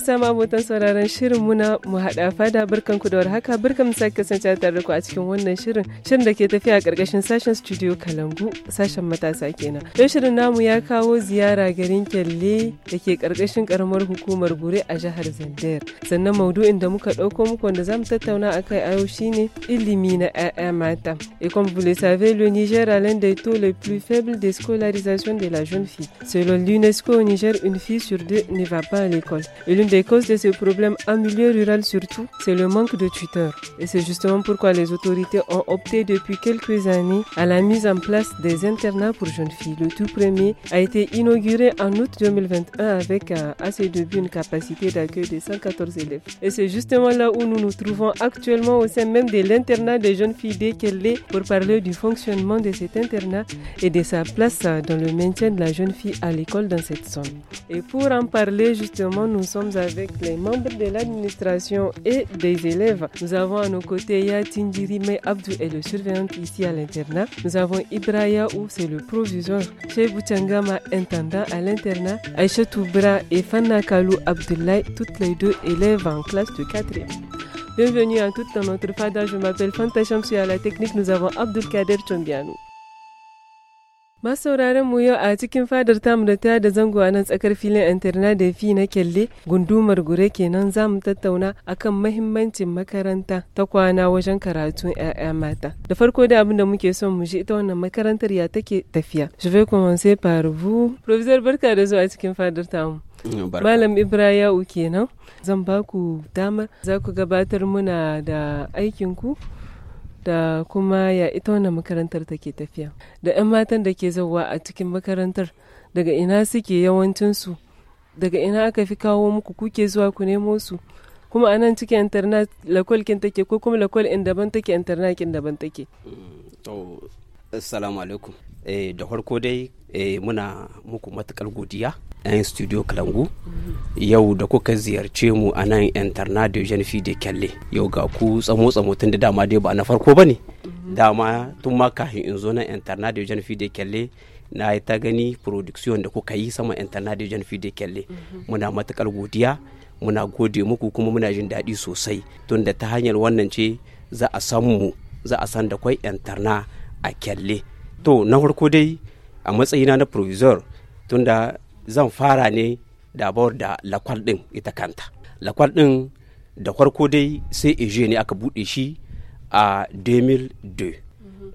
sama abotan sauraron shirin muna mu haɗa fada barkan ku da haka barkan mu sake kasance tare ku a cikin wannan shirin shirin da ke tafiya a ƙarƙashin sashen studio kalangu sashen matasa kenan. don shirin namu ya kawo ziyara garin Kyalle da ke ƙarƙashin ƙaramar hukumar Gure a jihar Zandar. Sannan maudu'in da muka ɗauko muku wanda zamu tattauna akai a yau shine ilimi na 'ya'ya mata. Et comme vous le savez, le Niger a l'un des taux les plus faibles de scolarisation de la jeune fille. Selon l'UNESCO au Niger, une fille sur deux ne va pas à l'école. des causes de ce problème en milieu rural surtout, c'est le manque de tuteurs. Et c'est justement pourquoi les autorités ont opté depuis quelques années à la mise en place des internats pour jeunes filles. Le tout premier a été inauguré en août 2021 avec à euh, ses débuts une capacité d'accueil de 114 élèves. Et c'est justement là où nous nous trouvons actuellement au sein même de l'internat des jeunes filles est pour parler du fonctionnement de cet internat et de sa place dans le maintien de la jeune fille à l'école dans cette zone. Et pour en parler justement, nous sommes avec les membres de l'administration et des élèves. Nous avons à nos côtés Yatin mais Abdou est le surveillant ici à l'internat. Nous avons Ibrahia Ou, c'est le proviseur. Chez Boutangama, intendant à l'internat. Aïcha Toubra et Fanna Kalou Abdoulaye, toutes les deux élèves en classe de 4e. Bienvenue à dans notre fada. Je m'appelle Fanta suis à la technique. Nous avons Abdul Kader Chombiano. masauraran mu yau a cikin fadar tamu da ta da zango a nan tsakar filin interna da fi na kyalle gundumar gure kenan za mu tattauna akan mahimmancin makaranta ta kwana wajen karatun 'ya'ya mata da farko da abin da muke son mu ji ita wannan makarantar ya take tafiya je vais commencer par vous professeur barka da zuwa cikin fadar tamu Malam Ibrahim kenan zan ba ku damar za ku gabatar muna da aikinku da kuma ya ita wannan makarantar take tafiya da 'yan matan da ke zauwa a cikin makarantar daga ina suke yawancinsu daga ina aka fi kawo muku kuke zuwa ku nemo su kuma a nan cikin internet lakwalkin take ko kuma lakwal in daban take internet kin daban take to assalamu alaikum eh, da farko dai eh, muna muku matukar godiya 'yan studio kalangu yau da kuka ziyarce mu a nan interna de jeune fille de kelle. yau ga ku tsamo tsamo tun da dama dai ba na farko ba ne dama tun ma kafin in zo nan interna de jeune fille de kelle na yi ta gani production da kuka yi sama interna de jeune fille de kelle. muna matukar godiya muna gode muku kuma muna jin daɗi sosai tun da ta hanyar wannan ce za a san mu za a san da kwai interna a kelle. to na farko dai a matsayina na provisor tunda zan fara ne dabar da lakwal ɗin ita kanta lakwal ɗin da farko dai sai eje ne aka buɗe shi a 2002 mhm.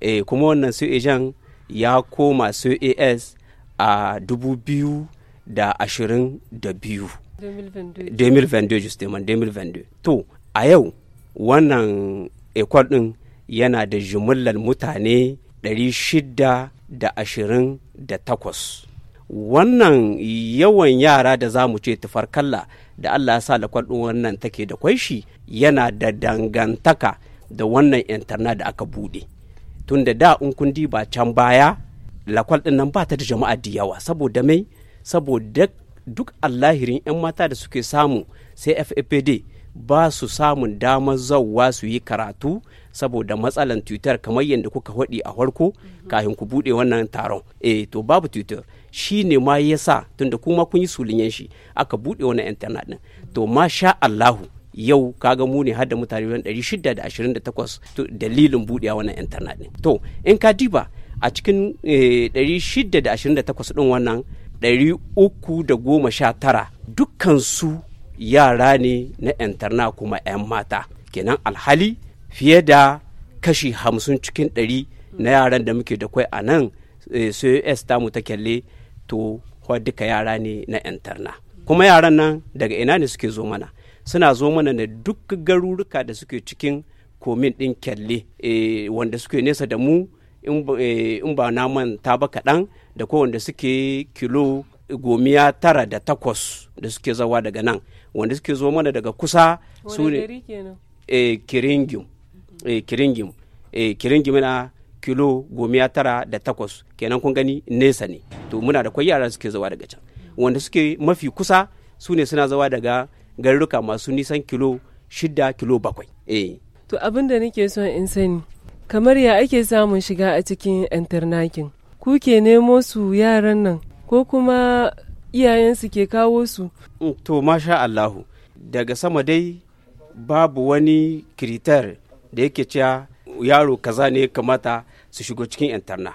e, eh, kuma wannan sai ejen ya koma CAS a 2022 2022 justement 2022 to a yau wannan ekwal din yana da jimillar mutane 628 wannan yawan yara da za mu ce tufarkalla da allah ya sa lakwal ɗin wannan take da kwai shi yana da dangantaka da wannan intanet da aka buɗe tun da da in kun ba can baya lakwal ɗin nan ba ta da jama'a da yawa saboda mai saboda duk allahirin 'yan mata da suke samu sai ffd ba su samun damar zauwa su yi karatu saboda matsalan twitter kamar yadda kuka haɗi a farko mhm. kafin ku buɗe wannan taron eh to babu twitter shi ne ma ya sa tunda kuma kun yi sulinyen shi aka buɗe wani intanet ɗin to ma sha Allahu yau kaga mu ne hada mutane miliyan 628 dalilin buɗe wani intanet ɗin to in ka diba a cikin 628 eh, ɗin wannan 319 dukkansu yara ne na intarna kuma 'yan mata kenan alhali fiye da kashi hamsin cikin ɗari na yaran da muke da kwai a nan eh, sos tamu ta kyalle to duka yara ne na 'yan kuma yaran nan daga ina ne suke zo mana suna zo mana da duk garuruka da suke cikin komin ɗin kyalle eh, wanda suke nesa da mu eh, in ba na manta ba kaɗan da ko wanda suke kilo gomiya tara da takwas da suke zawa daga nan wanda suke zo mana daga kusa su ne eh, kiringim kiringim kiringim na kilo ya tara da takwas kenan kun gani nesa ne to muna da kwai yara suke zawa daga can wanda suke mafi kusa su ne suna zawa daga garuruka masu nisan kilo shida kilo bakwai eh to abin da nake so in sani kamar ya ake samun shiga a cikin internakin ku ke nemo su yaran nan ko kuma iyayensu ke kawo su mm, to masha allahu daga sama dai babu wani kiritar da yake cewa yaro kaza ne kamata su shigo cikin interna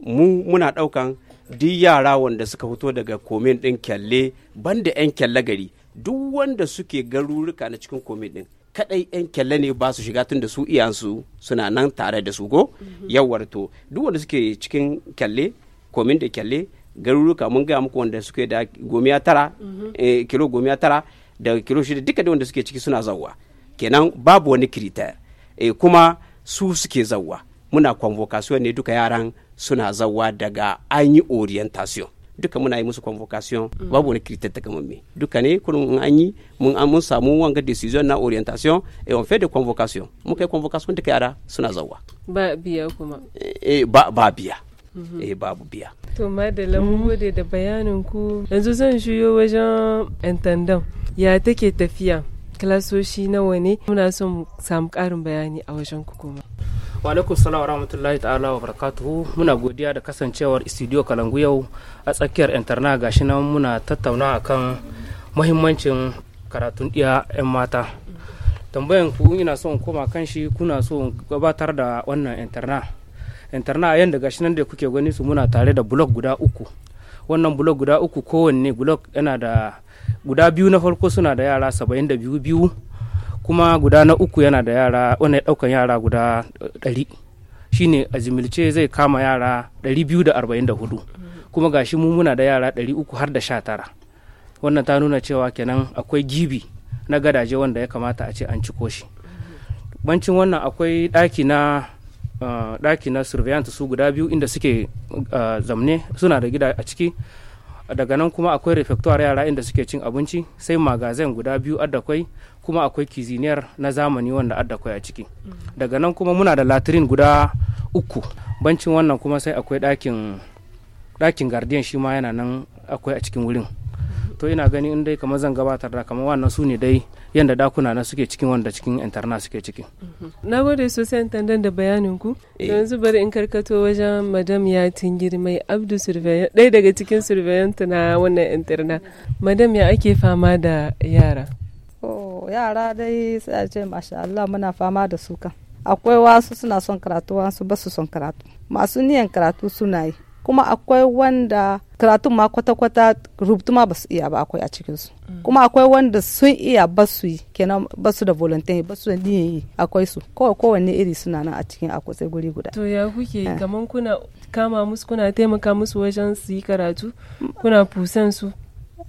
mu muna daukan duk yara wanda suka fito daga komin din kyalle banda yan kyalle gari duk wanda suke garuruka na cikin komin din kadai yan kyalle ne ba su shiga tun da su iyansu suna nan tare da su go yawar to duk wanda suke cikin kyalle komin da kyalle garuruka mun gaya muku wanda suke da gomiya tara eh, kilo gomiya tara da kilo shida duka da wanda suke ciki suna zawa kenan babu wani kirita eh, kuma su suke zawa muna convocation ne duka yaran suna zawa daga an yi orientation duka muna yi musu convocation mm. babu wani kirtar ta kamamme duka ne kullum in an yi mun mun samu wanga decision na orientation et on fait de convocation mun kai convocation duka yara suna zawa ba biya kuma eh ba ba biya mhm. eh babu biya to madalla mun mm. gode da bayanin ku yanzu zan shiyo wajen intendant ya take tafiya kilasoshi nawa ne muna son mu samu karin bayani a wajen kuma. wa alaikum salam wa rahmatullahi ta'ala wa barakatuhu muna godiya da kasancewar studio kalangu yau a tsakiyar interna gashi nan muna tattauna akan mahimmancin karatun diya 'yan mata tambayan ku ina so koma kan shi kuna so gabatar da wannan interna interna yadda gashi nan da kuke gani su muna tare da blog guda uku wannan blog guda uku kowanne blog yana da guda biyu na farko suna da yara saba'in da biyu biyu kuma guda na uku yana da yara wani daukan yara guda ɗari shine a jimilce zai kama yara ɗari biyu da arba'in da hudu kuma gashi mu muna da yara ɗari uku har da sha tara wannan ta nuna cewa kenan akwai gibi na gadaje wanda ya kamata a ce an ciko shi bancin wannan akwai ɗaki na ah, ɗaki na surveillance su guda biyu inda suke ah, zamne suna da gida a ciki daga nan kuma akwai refectoire yara inda suke cin abinci sai magazin guda biyu addakwai kuma akwai kiziniyar na zamani wanda addakwai a ciki daga nan kuma muna da latirin guda uku bancin wannan kuma sai akwai ɗakin gardiyan shi ma yana nan akwai a cikin wurin to ina gani in dai kamar zan gabatar da kamar wannan su ne dai yadda dakuna na suke cikin wanda cikin interna suke ciki mhm. na gode sosai tandan da bayanin ku eh. yanzu bari in karkato wajen madam ya tingir mai abdu surveyor ɗaya daga cikin surveyoranta na wannan interna madam ya ake fama da yara yara dai sai a ce masha Allah muna fama da su kan akwai wasu suna son karatu wasu ba su son karatu masu niyan karatu suna yi kuma akwai wanda karatun ma kwata-kwata rubutu ma ba su iya ba akwai a cikinsu mm. kuma akwai wanda sun iya ba su yi kenan ba su da volunteer ba su da niyan yi akwai su kawai kowanne iri suna nan a cikin akwai guri guda to ya kuke eh. kaman kuna kama musu kuna taimaka musu wajen su yi karatu kuna fusen eh, su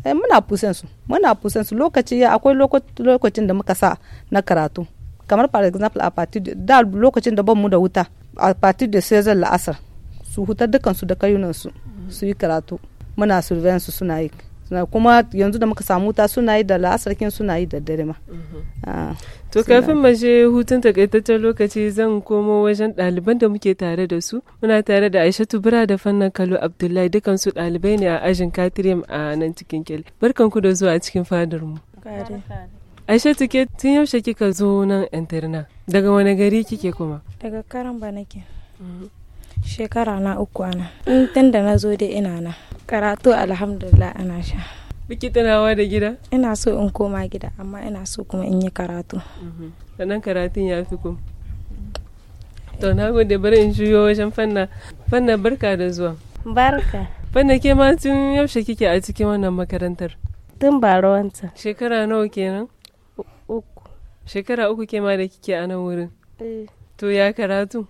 muna fusen su muna fusen su lokaci ya akwai lokacin da muka sa na karatu kamar for example a partir da lokacin da ban mu da wuta a partir da sai la'asar su hutar dukansu da kayunansu su yi karatu muna surveillance suna yi kuma yanzu da muka samu ta suna yi da la'asarkin suna yi da dare ma. Mhm. Ah, to kafin mu je hutun takaitaccen lokaci zan komo wajen ɗaliban da muke tare da su. Muna tare da Aishatu Bura da fannin kalu Abdullahi dukan su ɗalibai ne a ajin Katiriyam a nan cikin Kyel. Barkan ku da zuwa a cikin fadar mu. Aishatu ke tun yaushe kika zo nan interna? Daga wani gari kike kuma? Daga Karamba nake. Mhm. shekara na uku ana in tun da na zo dai ina na karatu alhamdulillah ana sha biki tunawa da gida ina so in koma gida amma ina so kuma in yi karatu mhm. sannan karatun ya fi kuma to na gode bari in juyo wajen fanna fanna barka da zuwa barka fanna ke ma tun yaushe kike a cikin wannan makarantar tun bara wancan shekara nawa kenan uku shekara uku ke ma da kike a nan wurin eh. to ya karatu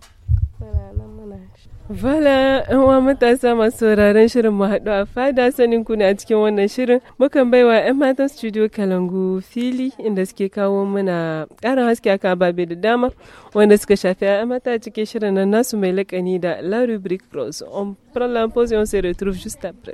Vala, ‘yan uwa matasa masu sauraron shirin mu haɗu a fada sanin ku a cikin wannan shirin mukan baiwa 'yan matan studio Kalangu fili inda suke kawo mana ƙara haske akan babe da dama wanda suka shafi 'yan mata a cikin shirin nan nasu mai lakani da La Rubrique Rose. On prend et on se retrouve juste après.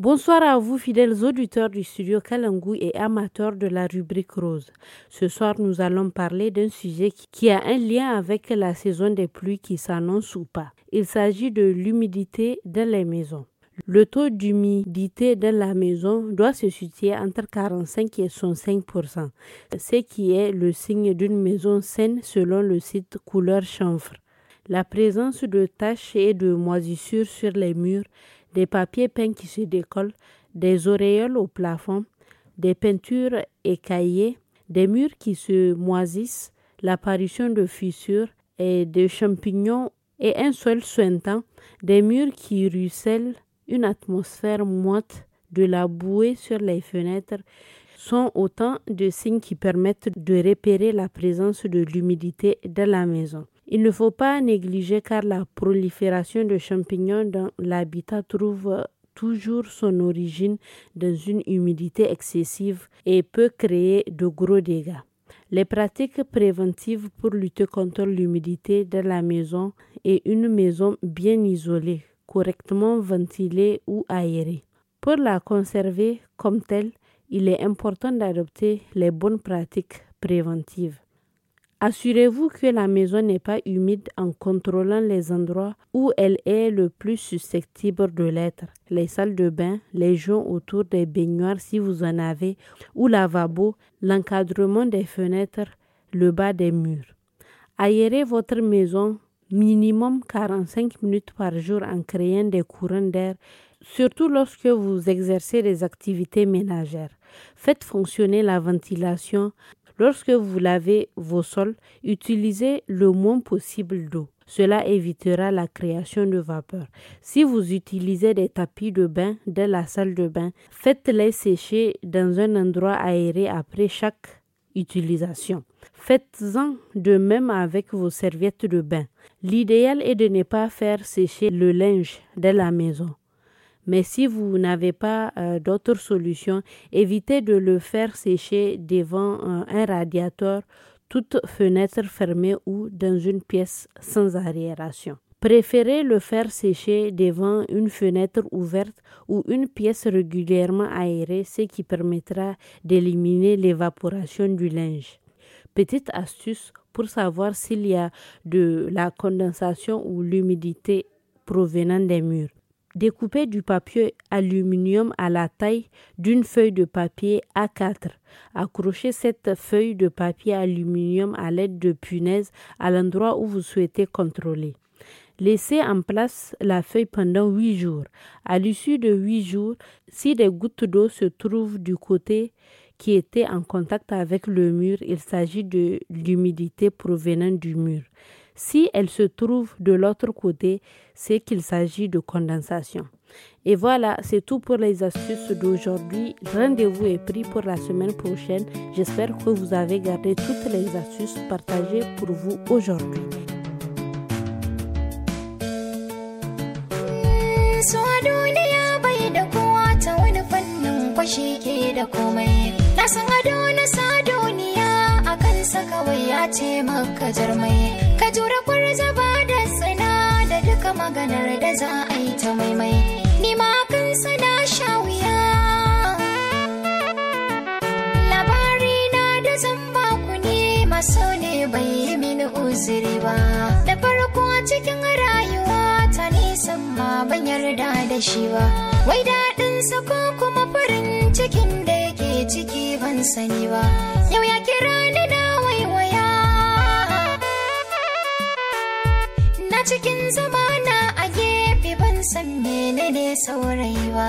Bonsoir à vous, fidèles auditeurs du studio Kalangou et amateurs de la rubrique rose. Ce soir, nous allons parler d'un sujet qui a un lien avec la saison des pluies qui s'annonce ou pas. Il s'agit de l'humidité dans les maisons. Le taux d'humidité dans la maison doit se situer entre 45 et 105 ce qui est le signe d'une maison saine selon le site couleur chanvre. La présence de taches et de moisissures sur les murs des papiers peints qui se décollent, des auréoles au plafond, des peintures écaillées, des murs qui se moisissent, l'apparition de fissures et de champignons et un sol suintant, des murs qui ruissellent, une atmosphère moite, de la bouée sur les fenêtres sont autant de signes qui permettent de repérer la présence de l'humidité dans la maison. Il ne faut pas négliger car la prolifération de champignons dans l'habitat trouve toujours son origine dans une humidité excessive et peut créer de gros dégâts. Les pratiques préventives pour lutter contre l'humidité de la maison et une maison bien isolée, correctement ventilée ou aérée. Pour la conserver comme telle, il est important d'adopter les bonnes pratiques préventives. Assurez-vous que la maison n'est pas humide en contrôlant les endroits où elle est le plus susceptible de l'être. Les salles de bain, les joints autour des baignoires si vous en avez, ou lavabo, l'encadrement des fenêtres, le bas des murs. Aérez votre maison minimum 45 minutes par jour en créant des courants d'air, surtout lorsque vous exercez des activités ménagères. Faites fonctionner la ventilation Lorsque vous lavez vos sols, utilisez le moins possible d'eau. Cela évitera la création de vapeur. Si vous utilisez des tapis de bain dans la salle de bain, faites-les sécher dans un endroit aéré après chaque utilisation. Faites-en de même avec vos serviettes de bain. L'idéal est de ne pas faire sécher le linge de la maison. Mais si vous n'avez pas euh, d'autre solution, évitez de le faire sécher devant euh, un radiateur, toute fenêtre fermée ou dans une pièce sans aération. Préférez le faire sécher devant une fenêtre ouverte ou une pièce régulièrement aérée, ce qui permettra d'éliminer l'évaporation du linge. Petite astuce pour savoir s'il y a de la condensation ou l'humidité provenant des murs. Découpez du papier aluminium à la taille d'une feuille de papier A4. Accrochez cette feuille de papier aluminium à l'aide de punaises à l'endroit où vous souhaitez contrôler. Laissez en place la feuille pendant 8 jours. À l'issue de 8 jours, si des gouttes d'eau se trouvent du côté qui était en contact avec le mur, il s'agit de l'humidité provenant du mur. Si elle se trouve de l'autre côté, c'est qu'il s'agit de condensation. Et voilà, c'est tout pour les astuces d'aujourd'hui. Rendez-vous est pris pour la semaine prochaine. J'espère que vous avez gardé toutes les astuces partagées pour vous aujourd'hui. jura zaba da tsina da duka maganar da za a yi ta maimai ni ma kan sha wuya labari na da zan ku ne maso ne bai yi mini uziri ba da farko cikin rayuwa ta nisan ma ban yarda da shi ba wai daɗinsa ko kuma farin cikin da yake ciki ban sani ba yau ya kira ni na waiwaya cikin zamana a gefe ban san menene saurayi ba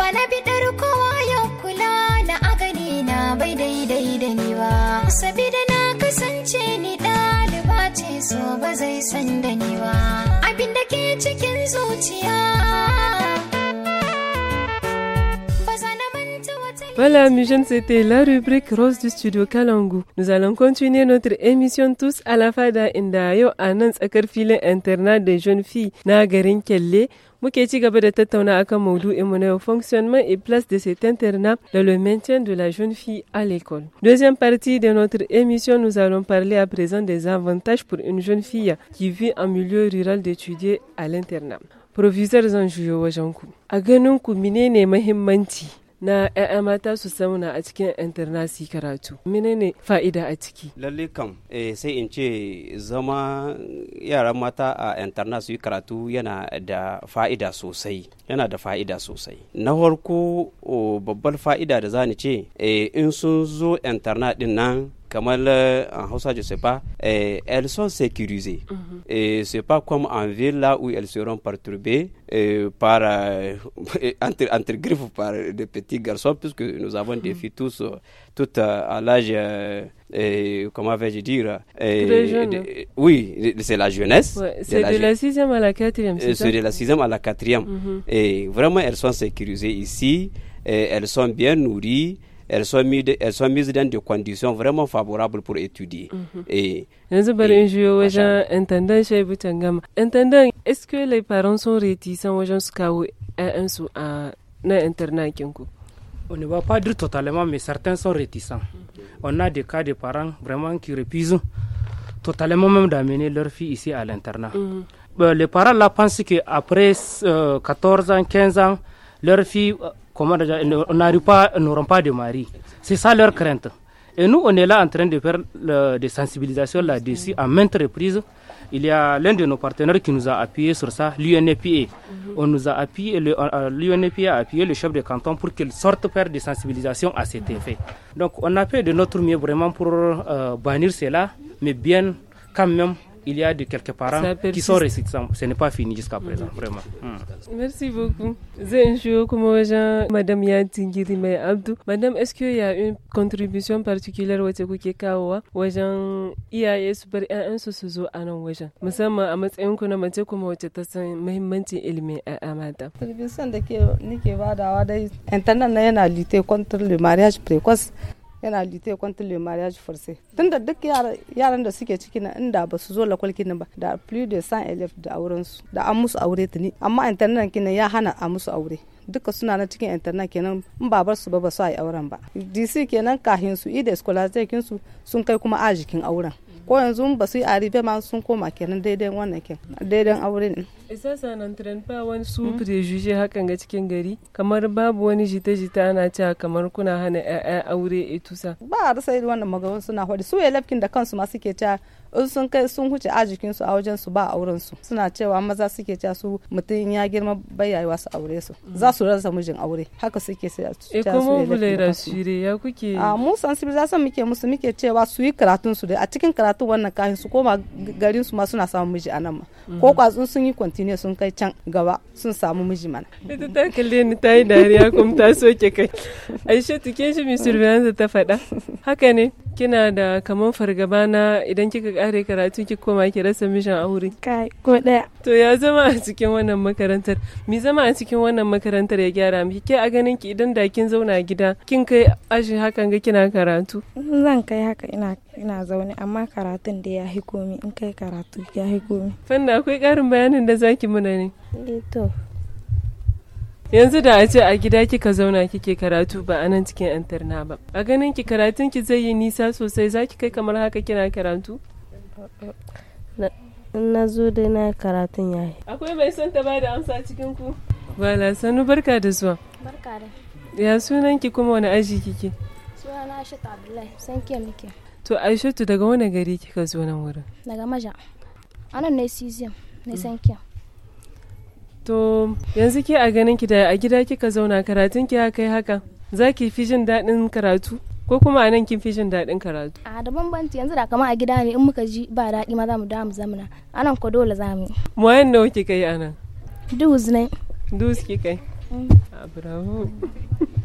ba na biɗar kowa yau kula na a gani na bai daidai da ni ba sabida na kasance ni ɗaliba ce so ba zai san da ni ba abin da ke cikin zuciya Voilà, mes jeunes, c'était la rubrique rose du studio Kalangu. Nous allons continuer notre émission tous à la fada Indayo, yau a internat des jeunes filles Nagarin Kelle. Muke ci da tattauna akan au e fonctionnement et place de cet internat dans le maintien de la jeune fille à l'école. Deuxième partie de notre émission, nous allons parler à présent des avantages pour une jeune fille qui vit en milieu rural d'étudier à l'internat. Proviseur Zanjouyo Manti, na 'ya'ya mata su sauna a cikin internasi karatu menene fa'ida a ciki lalle kam eh, sai in ce zama yaran mata a internasi karatu yana da fa'ida sosai yana da fa'ida sosai na farko oh, babbar fa'ida da za ni ce eh, in sun zo internat din nan Euh, en Hausa, je sais pas, euh, elles sont sécurisées. Mhm. Et c'est pas comme en ville là où elles seront perturbées euh, par entre, griffes par des petits garçons, puisque nous avons des mhm. filles tous, toutes à l'âge. comment vais-je dire Oui, c'est la jeunesse. c'est de, la 6 à la 4 C'est de la 6 à la 4 Et vraiment, elles sont sécurisées ici, et elles sont bien nourries elles sont, mises, elles sont mises dans des conditions vraiment favorables pour étudier. Mhm. Et est-ce que les parents sont réticents aux On ne va pas dire totalement, mais certains sont réticents. Mhm. On a des cas de parents vraiment qui refusent totalement même d'amener leur fille ici à l'internat. Mhm. Les parents là pensent qu'après après 14 euh, ans, 15 ans, leur fille comment on pas, n'auront pas de mari. C'est ça leur crainte. Et nous, on est là en train de faire des sensibilisations là-dessus à maintes reprises. Il y a l'un de nos partenaires qui nous a appuyé sur ça, l'UNPA. On nous a appuyé, euh, euh, a appuyé le chef de canton pour qu'il sorte faire des sensibilisations à cet effet. Donc on a fait de notre mieux vraiment pour euh, bannir cela, mais bien quand même il y a de quelques parents qui sont récits. Ce n'est pas fini jusqu'à présent, mm vraiment. Mm. Merci beaucoup. Madame Yantingiri Abdou. Madame, est-ce qu'il y a une contribution particulière au Ou est-ce qu'il y wacce kuke kawowa wajen iyaye su bar 'ya'yansu su zo a nan wajen musamman a e, ah matsayin ku na mace kuma wacce ta san muhimmancin ilimin 'ya'ya mata. Contribution da nike badawa dai internet na à lutter contre le mariage précoce yana lite kwantar ya mariage tun tunda duk yaran da suke ciki na inda ba su zo lakwal kinin ba da plus de 100 elef da aurensu da an musu aure tuni amma internet kinan ya hana a musu aure duka suna na cikin internet kenan in babar su ba ba su yi auren ba dc kenan kahin su ida scholastic su sun kai kuma ajikin auren ko yanzu ba su yi arife ma sun koma kenan daidai wannan kin daidai aure ne Isa sanan nan wani su prejuge hakan ga cikin gari kamar babu wani jita-jita ana ci kamar kuna hana 'ya'ya aure itusa. E ba a rasa wannan magawan suna hwadi su ya lafkin da kansu ma suke ta in sun kai sun huce a jikinsu a wajen su ba auren su suna cewa maza suke ta su mutum ya girma bayyawa su aure su mm. za su rasa mijin aure haka suke sai su e kuma bulera shire ya kuke a mu san muke musu muke cewa su yi karatun su dai a cikin karatun wannan kahin su koma garin su ma suna samun miji anan ma mm. ko kwatsun sun yi kwanti ne sun kai can gaba sun samu miji mana ita ta kalli ni ta yi dariya kuma ta soke kai aisha tuke shi mai surveillance ta faɗa haka ne kina da kamar fargaba na idan kika kare karatu ki koma ki rasa mijin aure kai ko ɗaya. to ya zama a cikin wannan makarantar mi zama a cikin wannan makarantar ya gyara miki ke a ganin ki idan da kin zauna gida kin kai ashi hakan ga kina karatu zan kai haka ina ina zaune amma karatun da ya hi komi in kai karatu ya hi komi fanda akwai karin bayanin da za zaki muna ne eh to yanzu da a ce a gida kika zauna kike karatu ba a nan cikin antarna ba a ganin ki karatun ki zai yi nisa sosai za ki kai kamar haka kina karatu in na zo dai na karatun ya yi. akwai mai son ta bada amsa cikin ku wala sanu barka da zuwa barka da ya sunan ki kuma wani aji kike sunana aishatu abdullahi san ke muke to aishatu daga wani gari kika zo nan wurin daga maja anan ne cesium ne san kiyan To yanzu ke a ganin ki da a gida kika zauna karatun ki haka haka za ki fi jin daɗin karatu ko kuma a nan kin fi jin daɗin karatu. A da bambanci yanzu da kama a gida ne in muka ji ba daɗi ma za mu damu zamana a nan ko dole za mu. Mwayan nawa kika yi a nan? Dues ne. Dues kika yi. Mm. Ah, bravo.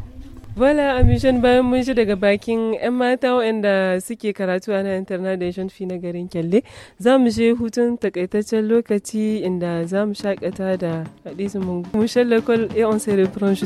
Voilà, Amishan bayan mun shi daga bakin 'yan mata waɗanda suke karatu a nan International Fi na garin Kyalle, za mu je hutun takaitaccen lokaci inda za mu shakata da hadisin mun. Mu shallakol et on se reprend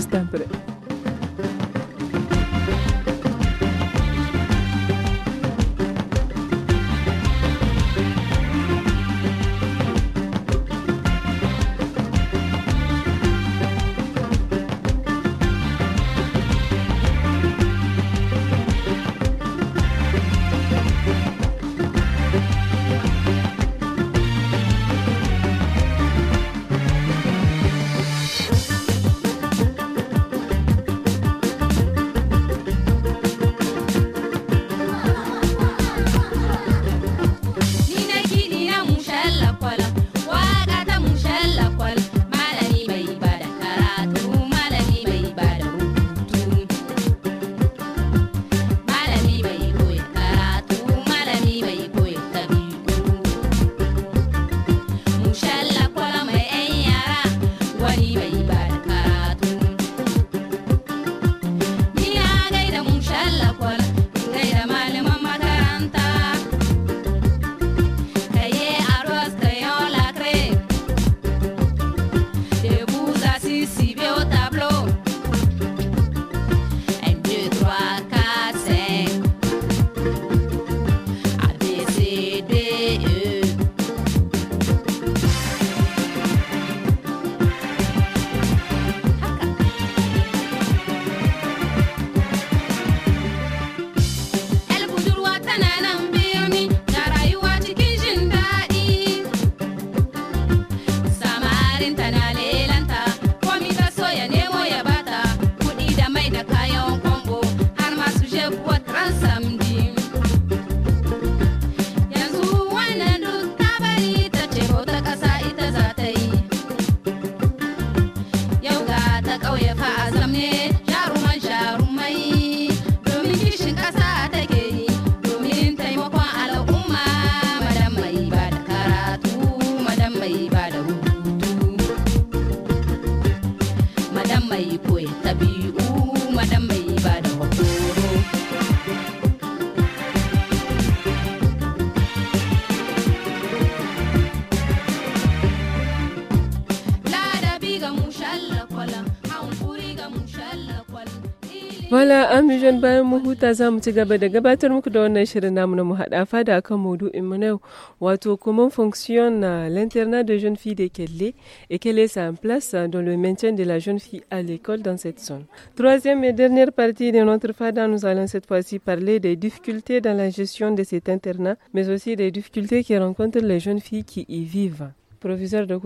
comment fonctionne l'internat de jeunes filles de Kelly et quelle est sa place dans le maintien de la jeune fille à l'école dans cette zone. Troisième et dernière partie de notre fada, nous allons cette fois-ci parler des difficultés dans la gestion de cet internat, mais aussi des difficultés que rencontrent les jeunes filles qui y vivent. Professeur ta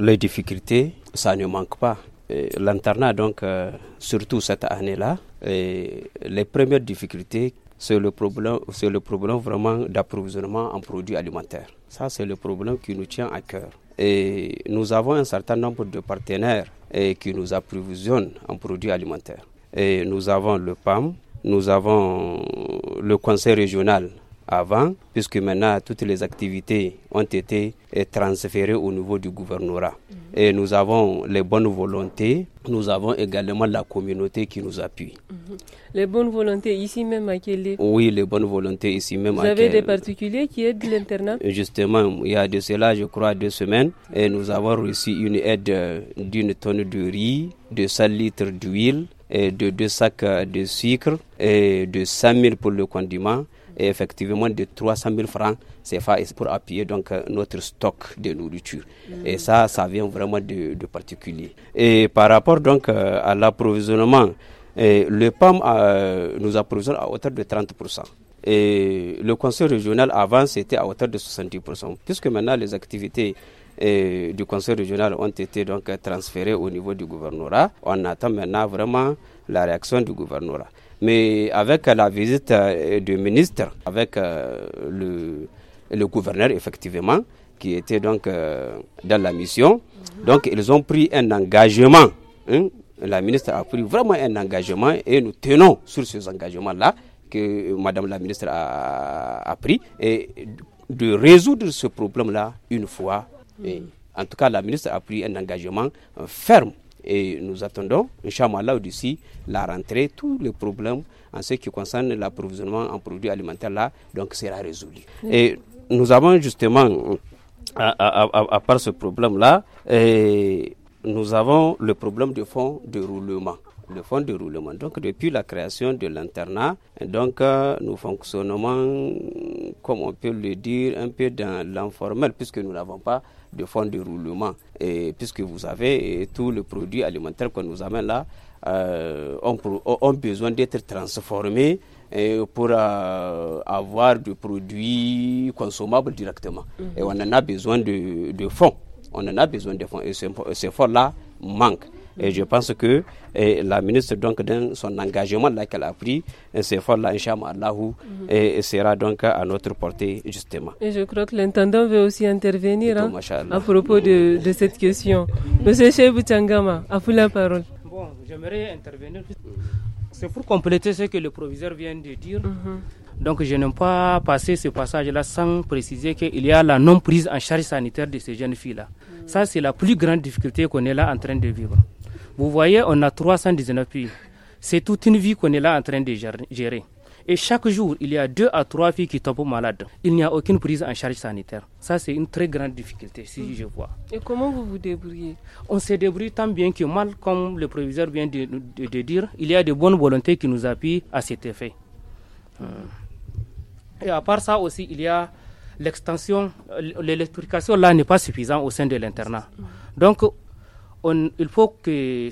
Les difficultés, ça ne manque pas l'internat, donc, euh, surtout cette année-là, les premières difficultés, c'est le problème, c'est le problème vraiment d'approvisionnement en produits alimentaires. Ça, c'est le problème qui nous tient à cœur. Et nous avons un certain nombre de partenaires qui nous approvisionnent en produits alimentaires. Et nous avons le PAM, nous avons le Conseil régional avant, puisque maintenant toutes les activités ont été euh, transférées au niveau du gouvernorat. Mhm. Et nous avons les bonnes volontés, nous avons également la communauté qui nous appuie. Mhm. Les bonnes volontés ici même à Kélé Oui, les bonnes volontés ici même Vous Vous avez des particuliers qui aident l'internat euh, Justement, il y a de cela, je crois, deux semaines, et nous avons reçu une aide euh, d'une tonne de riz, de 100 litres d'huile, et de deux sacs de sucre, et de 5 000 pour le condiment et effectivement de 300 000 francs CFA pour appuyer donc euh, notre stock de nourriture. Et mm. ça, ça vient vraiment de, de particulier. Et par rapport donc euh, à l'approvisionnement, le PAM euh, nous approvisionne à hauteur de 30%. Et le conseil régional avant, c'était à hauteur de 70%. Puisque maintenant, les activités du conseil régional ont été donc transférées au niveau du gouvernorat, on attend maintenant vraiment la réaction du gouvernorat. Mais avec la visite euh, du ministre, avec euh, le, gouverneur, effectivement, qui était donc euh, dans la mission. Donc ils ont pris un engagement. Hein. La ministre a pris vraiment un engagement et nous tenons sur ces engagements-là que Madame la ministre a, pris et de résoudre ce problème-là une fois. en tout cas, la ministre a pris un engagement ferme et nous attendons, Inch'Allah, d'ici la rentrée, tous les problèmes en ce qui concerne l'approvisionnement en produits alimentaires là, donc sera résolu. Et nous avons justement, à, part ce problème-là, nous avons le problème du fonds de roulement le fonds de roulement. Donc, depuis la création de l'internat, donc, euh, nous fonctionnons, comme on peut le dire, un peu dans l'informel, puisque nous n'avons pas de fonds de roulement. Et puisque vous avez tous les le produit alimentaire qu'on nous amène là euh, ont, besoin d'être transformés pour euh, avoir des produits consommables directement. Mhm. Et on en a besoin de, de fonds. On en a besoin de fonds. Et ces fonds-là manquent. Et je pense que et la ministre, donc, dans son engagement qu'elle a pris, c'est fort là, Inch'Allah, mhm. et, sera donc à notre portée, justement. Et je crois que l'intendant veut aussi intervenir hein, à propos de, cette question. Monsieur Cheibou Tchangama, à vous la parole. Bon, j'aimerais intervenir. C'est pour compléter ce que le proviseur vient de dire. Mhm. Donc je n'aime pas passer ce passage-là sans préciser qu'il y a la non-prise en charge sanitaire de ces jeunes filles-là. Mhm. Ça, c'est la plus grande difficulté qu'on est là en train de vivre. Vous voyez, on a 319 filles. C'est toute une vie qu'on est là en train de gérer. Et chaque jour, il y a deux à trois filles qui tombent malades. Il n'y a aucune prise en charge sanitaire. Ça, c'est une très grande difficulté, si je vois. Et comment vous vous débrouillez On se débrouille tant bien que mal, comme le proviseur vient de, dire. Il y a de bonnes volontés qui nous appuient à cet effet. Euh. Et à part ça aussi, il y a l'extension, l'électrification là n'est pas suffisante au sein de l'internat. Donc, il faut que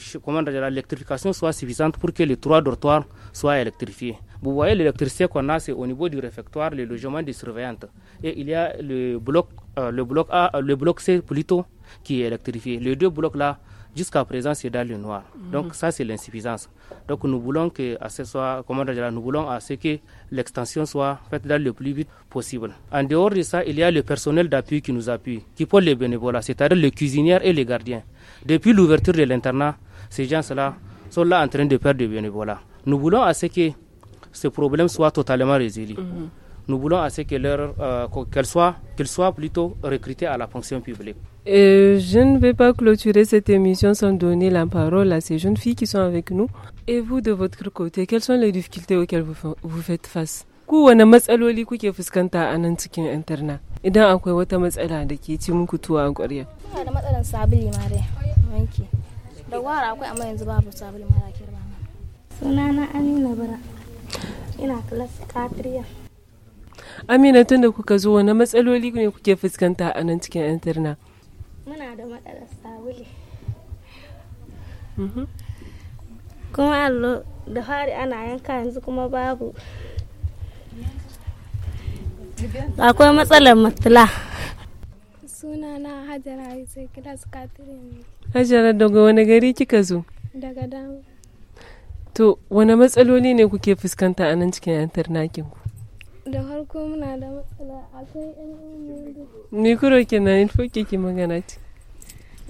l'électrification soit suffisante pour que les trois dortoirs soient électrifiés. Vous voyez, l'électricité qu'on a, c'est au niveau du réfectoire, le logement des surveillantes. Et il y a le bloc, euh, le bloc A, euh, le bloc C plutôt, qui est électrifié. Les deux blocs là Jusqu'à présent, c'est dans le noir. Mhm. Donc ça, c'est l'insuffisance. Donc nous voulons que à ce soit, comment nous voulons à ce que l'extension soit faite dans le plus vite possible. En dehors de ça, il y a le personnel d'appui qui nous appuie, qui pour les bénévoles, c'est-à-dire les cuisinières et les gardiens. Depuis l'ouverture de l'internat, ces gens-là sont là en train de perdre des bénévoles. Nous voulons à ce que ce problème soit totalement résolu. Mhm. Nous voulons à ce leur euh, qu soient, qu soient, plutôt recrutées à la fonction publique. Et je ne vais pas clôturer cette émission sans donner la parole à ces jeunes filles qui sont avec nous. Et vous, de votre côté, quelles sont les difficultés auxquelles vous, vous faites face kowane matsaloli kuke fuskanta a nan cikin interna idan akwai wata matsala da ke ci muku tuwa a ƙwarya. Ina da matsalar sabili ma dai wanki. Da wara akwai amma yanzu babu sabili ma da kirba. Sunana Amina Bara. Ina kilas Katriya. amina tun da kuka zo wani matsaloli ne kuke fuskanta a nan cikin interna muna da matsalar sabulu mhm. kuma allo da fari ana yanka yanzu kuma babu akwai matsalar matula suna na hajara sai kira su katirin hajara daga wani gari kika zo daga damu to wani matsaloli ne kuke fuskanta a nan cikin yantar nakin ku da harko muna da matsala akwai yan mikro kenan in foke ki magana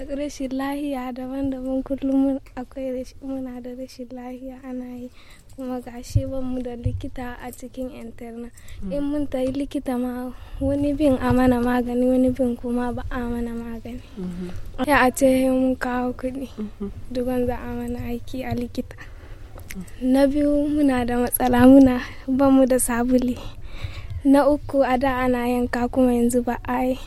a rashin lahiya daban-daban kullum akwai muna da rashin lahiya ana yi kuma gashi ban mu da likita a cikin interna in mun ta yi likita ma wani bin a mana magani wani bin kuma ba a mana magani mhm. ya a ce mun kawo kuɗi mhm. dugon za a mana aiki a likita na biyu muna da matsala muna ban mu da sabuli na uku a da ana yanka kuma yanzu ba a yi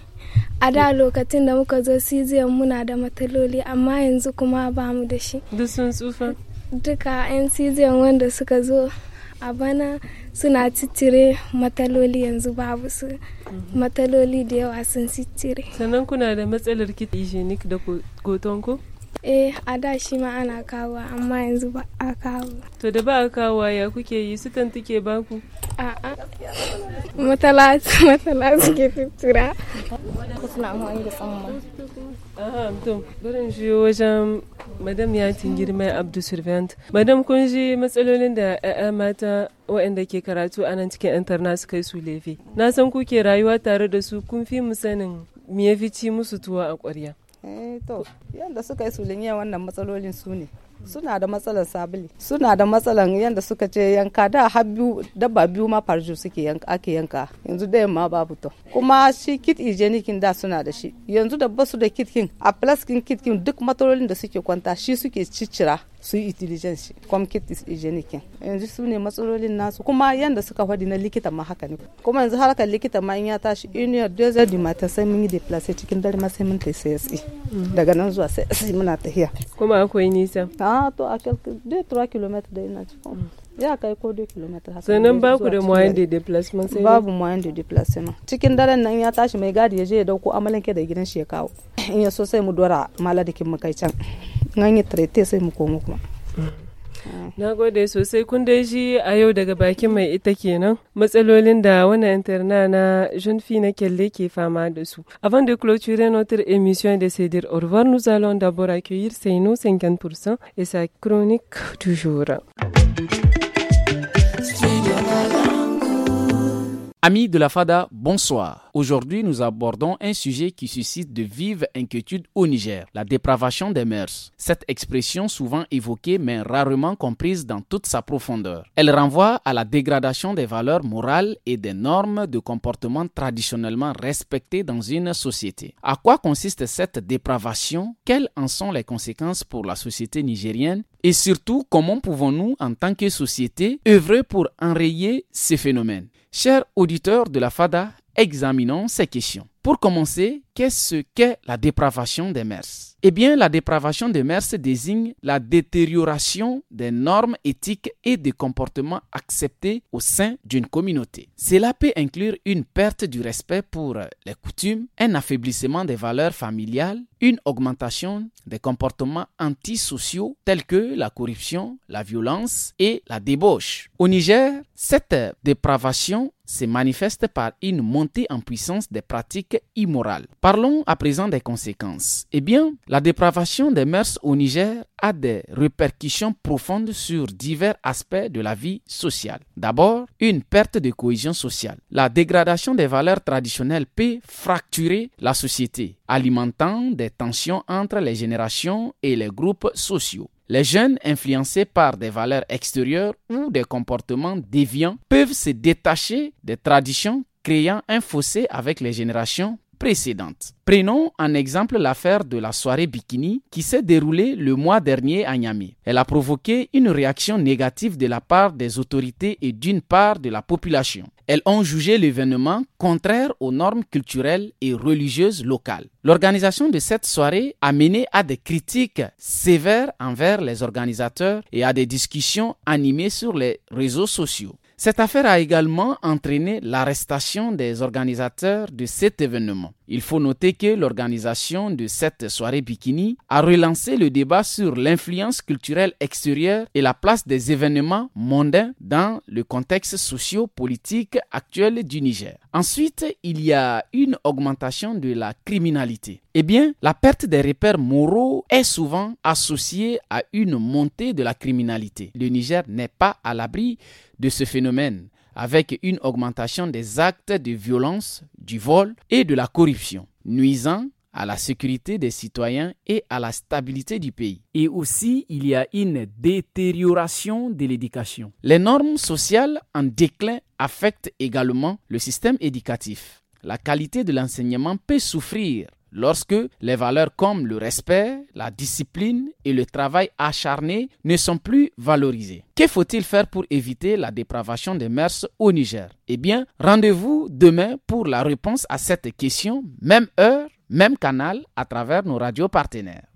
a da lokacin da muka zo cesium muna da mataloli amma yanzu kuma ba mu da shi duk sun tsufa duka 'yan cesium wanda suka zo a bana suna ciccire mataloli yanzu babu su mhm. mataloli da yawa sun ciccire sannan kuna da matsalar kitishinic da gotonku Eh, a da shi ma ana kawo amma yanzu ba a kawo. To da ba a kawo ya kuke yi su tantuke ba ku? A'a. Matala matala ke fitura. Suna amfani da tsamma. Aha, to barin shi wajen madam ya girma Abdu servant Madam kun ji matsalolin da 'ya'ya mata waɗanda ke karatu a nan cikin intanet su kai su lefe. Na san kuke rayuwa tare da su kun fi mu sanin me ya fi ci musu tuwa a ƙwarya. Eh, to yadda suka yi sulin wannan matsalolin su ne suna da matsalar sabili suna da matsalar yanda suka ce yanka da har biyu dabba biyu ma farju suke yanka ake yanka yanzu da yamma babu to kuma shi kit hygienic da suna da shi yanzu da basu da kitkin a plaskin kitkin duk matsalolin da suke kwanta shi suke ciccira su yi kit is hygienic yanzu su ne matsalolin nasu kuma yanda suka faɗi na likita ma haka ne kuma yanzu harkar likita ma in ya tashi your dozer di mata sai mun yi deplace cikin dare ma sai mun tai CSE mm-hmm. daga nan zuwa CSE muna tahiya kuma akwai nisa a ah, to a kalki 2-3 km da ina cikin mm. ya kai ko 2 km haka nan ba ku da moyen de déplacement sai babu moyen de déplacement cikin dare nan ya tashi mai gadi ya je ya dauko amalanke da gidan shi ya kawo in ya so sai mu dora maladikin mu kai can ganye traite sai mu komo kuma mm. Na gode sosai kun dai shi a yau daga bakin mai ita kenan matsalolin da wannan interna na jeune na kelle ke fama da su. Avant de clôturer notre émission et de se dire au revoir, nous allons d'abord accueillir Seino 50% et sa chronique du jour. Amis de la FADA, bonsoir. Aujourd'hui, nous abordons un sujet qui suscite de vives inquiétudes au Niger, la dépravation des mœurs. Cette expression souvent évoquée mais rarement comprise dans toute sa profondeur. Elle renvoie à la dégradation des valeurs morales et des normes de comportement traditionnellement respectées dans une société. À quoi consiste cette dépravation Quelles en sont les conséquences pour la société nigérienne et surtout, comment pouvons-nous, en tant que société, œuvrer pour enrayer ces phénomènes Chers auditeurs de la FADA, examinons ces questions. Pour commencer, qu'est-ce qu'est la dépravation des mœurs Eh bien, la dépravation des mœurs désigne la détérioration des normes éthiques et des comportements acceptés au sein d'une communauté. Cela peut inclure une perte du respect pour les coutumes, un affaiblissement des valeurs familiales, une augmentation des comportements antisociaux tels que la corruption, la violence et la débauche. Au Niger, cette dépravation se manifeste par une montée en puissance des pratiques immorales. Parlons à présent des conséquences. Eh bien, la dépravation des mœurs au Niger a des répercussions profondes sur divers aspects de la vie sociale. D'abord, une perte de cohésion sociale. La dégradation des valeurs traditionnelles peut fracturer la société alimentant des tensions entre les générations et les groupes sociaux. Les jeunes influencés par des valeurs extérieures ou des comportements déviants peuvent se détacher des traditions créant un fossé avec les générations précédentes. Prenons en exemple l'affaire de la soirée bikini qui s'est déroulée le mois dernier à Niamey. Elle a provoqué une réaction négative de la part des autorités et d'une part de la population. Elles ont jugé l'événement contraire aux normes culturelles et religieuses locales. L'organisation de cette soirée a mené à des critiques sévères envers les organisateurs et à des discussions animées sur les réseaux sociaux. Cette affaire a également entraîné l'arrestation des organisateurs de cet événement. Il faut noter que l'organisation de cette soirée bikini a relancé le débat sur l'influence culturelle extérieure et la place des événements mondains dans le contexte socio-politique actuel du Niger. Ensuite, il y a une augmentation de la criminalité. Eh bien, la perte des repères moraux est souvent associée à une montée de la criminalité. Le Niger n'est pas à l'abri de ce phénomène avec une augmentation des actes de violence, du vol et de la corruption, nuisant à la sécurité des citoyens et à la stabilité du pays. Et aussi, il y a une détérioration de l'éducation. Les normes sociales en déclin affectent également le système éducatif. La qualité de l'enseignement peut souffrir lorsque les valeurs comme le respect, la discipline et le travail acharné ne sont plus valorisées. Que faut-il faire pour éviter la dépravation des mœurs au Niger Eh bien, rendez-vous demain pour la réponse à cette question, même heure, même canal, à travers nos radios partenaires.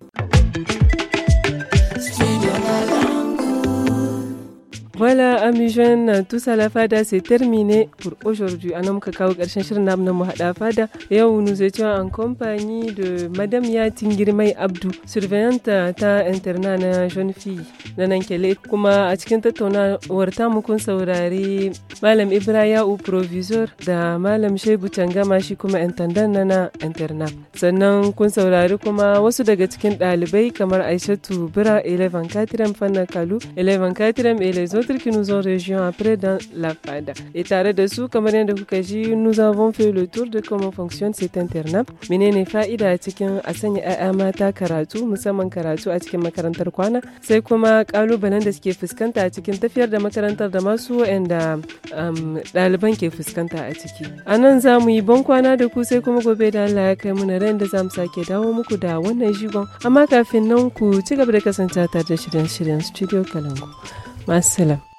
Voilà, amis jeunes, tout ça la fada, c'est terminé pour aujourd'hui. Anam Karshen Shirnam Namuhada Fada. Et où nous étions en compagnie de Madame Yatingirmay Abdou, surveillante ta internat na jeune fille. Nanankele, kuma a cikin tattaunawar mukun saurari Malam Ibrahim u proviseur da Malam Shehu Tangama shi kuma intendant na na internat. Sannan kun saurari kuma wasu daga cikin ɗalibai kamar Aishatu Bira 11 Katiram Fanna Kalu 11 les Elezo d'autres qui nous ont rejoints après dans la FADA. Et tare da su kamar de kuka ji nous avons fait le tour de comment fonctionne cet internat. Menene fa'ida a cikin a sanya 'ya'ya mata karatu musamman karatu a cikin makarantar kwana sai kuma kalubalen da suke fuskanta a cikin tafiyar da makarantar da masu wa'anda ɗaliban um, ke fuskanta a ciki. A nan za mu yi ban kwana da ku sai kuma gobe da Allah ya kai mu ran da za sake dawo muku da studio Kalangu. مع السلامة